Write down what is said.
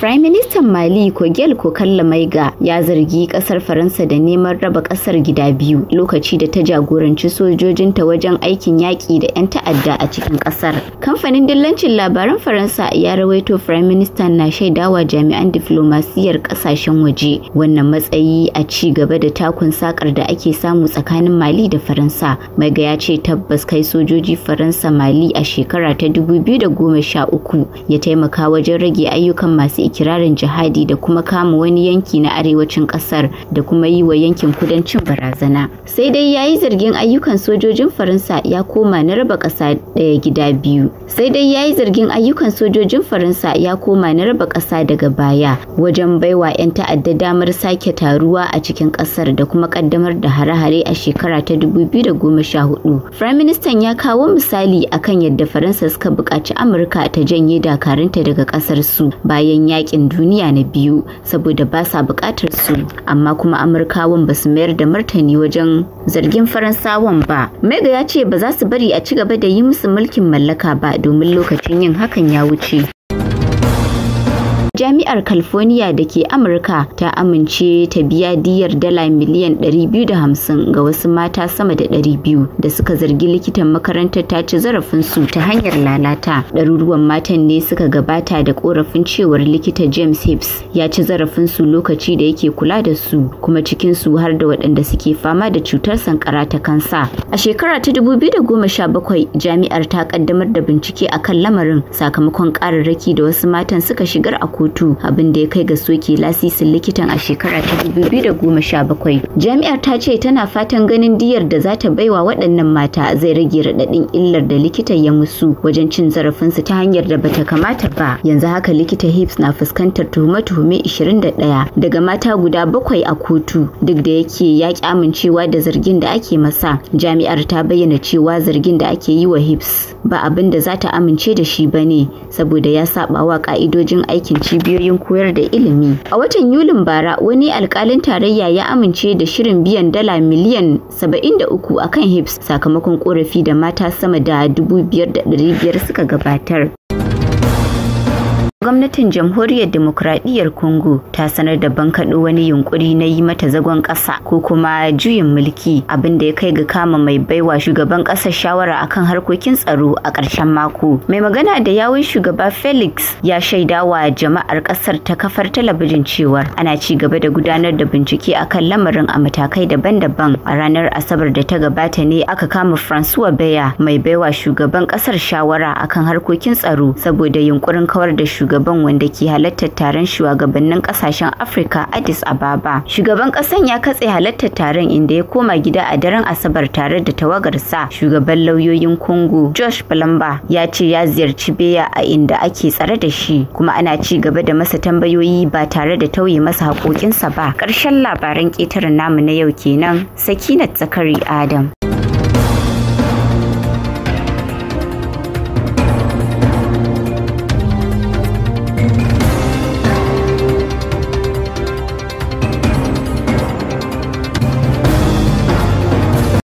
Prime Minister Mali Kogel Kokalla Maiga ya zargi kasar Faransa da neman raba kasar gida biyu lokaci da ta jagoranci sojojinta wajen aikin yaki da 'yan ta'adda a cikin kasar. Kamfanin dillancin labaran Faransa ya rawaito Prime Minister na shaidawa jami'an diflomasiyyar kasashen waje wannan matsayi a ci gaba da takun sakar da ake samu tsakanin Mali da Faransa. Maiga ya ce tabbas kai sojoji Faransa Mali a shekara ta 2013 ya taimaka wajen rage ayyukan masu kirarin jihadi da kuma kama wani yanki na arewacin kasar da kuma yi wa yankin kudancin barazana sai dai ya yi zargin ayyukan sojojin faransa ya koma na raba ƙasa daya gida biyu sai dai ya yi zargin ayyukan sojojin faransa ya koma na raba ƙasa daga baya wajen baiwa 'yan ta'adda damar sake taruwa a cikin ƙasar da kuma kaddamar da hare-hare a shekara ta 2014 firayim ministan ya kawo misali akan yadda faransa suka buƙaci amurka ta janye dakarunta daga ƙasar su bayan ya yakin duniya na biyu saboda ba sa bukatar su amma kuma amurkawan ba su mayar da martani wajen zargin faransawan ba mega ya ce ba za su bari a ci gaba da yi musu mulkin mallaka ba domin lokacin yin hakan ya wuce jami'ar california da ke amurka ta amince ta biya diyar dala miliyan 250 ga wasu mata sama da 200 da suka zargi likitan makarantar ta ci zarafin su ta hanyar lalata ɗaruruwan matan ne suka gabata da korafin cewar likita james hibbs ya ci zarafinsu lokaci da yake kula da su kuma cikin su har da waɗanda suke fama da cutar sankara ta kansa a shekara ta 2017 jami'ar ta kaddamar da bincike akan lamarin sakamakon ƙararraki da wasu matan suka shigar a kotu abin da ya kai ga soke lasisin likitan a shekara ta 2017 jami'ar ta ce tana fatan ganin diyar da za ta baiwa waɗannan mata zai rage raɗaɗin illar da likita ya musu wajen cin zarafinsu ta hanyar da bata kamata ba yanzu haka likita hips na fuskantar tuhume-tuhume 21 daga mata guda bakwai a kotu duk da yake ya ki amincewa da zargin da ake masa jami'ar ta bayyana cewa zargin da ake yi wa hips ba abin da za ta amince da shi ba ne saboda ya saba wa ka'idojin aikin ci cibiyoyin koyar da ilimi. A watan Yulin bara wani alkalin tarayya ya amince da shirin biyan dala miliyan 73 kan hips sakamakon korafi da mata sama da 5,500 suka gabatar. gwamnatin jamhuriyar demokradiyyar Congo ta sanar da bankaɗo wani yunkuri na yi mata zagon ƙasa ko kuma juyin mulki abin da ya kai ga kama mai baiwa shugaban ƙasar shawara akan harkokin tsaro a ƙarshen mako. Mai magana da yawun shugaba Felix ya shaida wa jama'ar ƙasar ta kafar talabijin cewar ana ci gaba da gudanar da bincike akan lamarin a matakai daban-daban a ranar Asabar da ta gabata ne aka kama Francois Beya mai baiwa shugaban ƙasar shawara akan harkokin tsaro saboda yunkurin kawar da shugaban shugaban wanda ke halartar taron shugabannin kasashen Afirka Addis Ababa. Shugaban kasan ya katse halartar taron inda ya koma gida a daren Asabar tare da tawagarsa. Shugaban lauyoyin Congo Josh Blamba ya ce ya ziyarci Beya a inda ake tsare da shi kuma ana ci gaba da masa tambayoyi ba tare da tauye masa haƙoƙinsa ba. Ƙarshen labaran ƙetare namu na yau kenan Sakinat Zakari Adam.